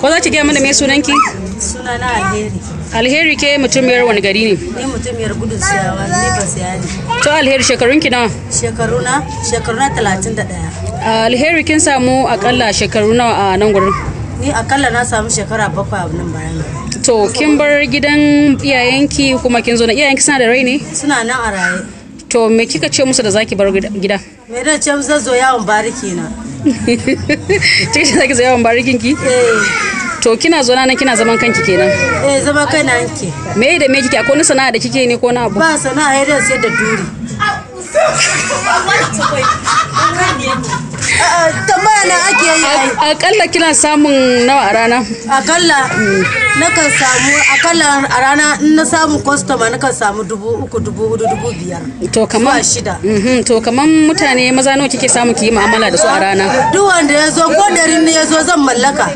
ko za ki gaya mana me sunanki sunana alheri alheri ke mutumiyar wani gari ne ni mutumiyar gudun siyawa ne ba siyani to alheri shekarunki nawa shekaru na shekaru na 31 alheri kin samu akalla shekaru nawa a nan gurin ni akalla na samu shekara bakwai a nan bayan to kin bar gidan iyayenki kuma kin zo na iyayenki suna da rai ne suna nan a raye to me kika ce musu da zaki bar gida me da ce musu zo yawon bariki na cikin shi zaki yawan barikin ki eh. to kina zo nan kina zaman kanki kenan eh zaman kaina anke me da me kike akwai sana'a da kike ne ko na abu ba sana'a yadda da sayar da duri kenan ake yi akalla kina samun nawa a rana akalla kan samu akalla a rana in na samu na kan samu dubu uku dubu hudu dubu biyar to kaman shida mhm, to kaman mutane maza nawa kike samu ki yi mu'amala da su a rana duk wanda ya zo ko dari ne ya zo zan mallaka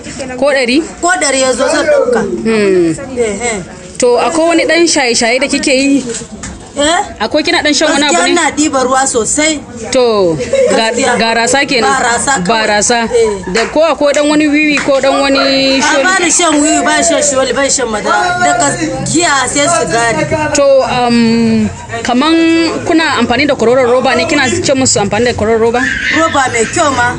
ko dari ko dari ya zo zan ɗauka hmm. eh, eh. to akwai wani ɗan shaye-shaye da kike yi Eh? akwai kina dan shan wani abu ne ina diba ruwa sosai to ga rasa kenan ba rasa eh. da ko akwai dan wani wiwi ko dan wani sholi ba ni shan wiwi ba shan sholi ba shan Da ka giya sai su gari to um kaman kuna amfani da kororon roba ne kina ce musu amfani da kororon roba roba mai kyau ma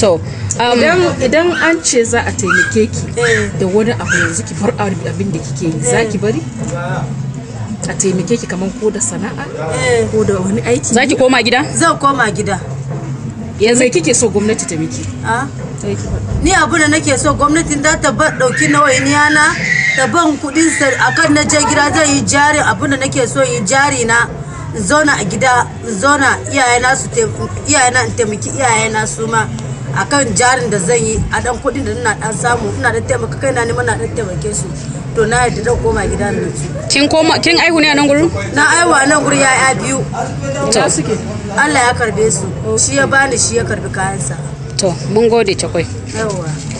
to um, idan an ce za a taimake ki eh. da wani abu yanzu ki bar abin da kike yi za ki bari a taimake ki kaman ko da sana'a eh. ko da wani aiki za ki koma gida zan koma gida yanzu kike so gwamnati ta miki ah? ni abu da nake so gwamnatin da ta ba dauki nawainiya na ta ban kudin sa akan na je gida zai yi jari abu da nake so yi jari na zona a gida zona iyayena su iyayena in taimaki iyayena su ma akan jarin da zan yi a dan kudin da ina dan samu ina da taimaka kaina ne ma na dan taimake su to na yadda zan koma gida nan kin koma kin aihu ne a nan gurin na aihu a nan gurin ya'ya biyu to suke Allah ya karbe su shi ya bani shi ya karbi kayansa to mun gode takwai yawa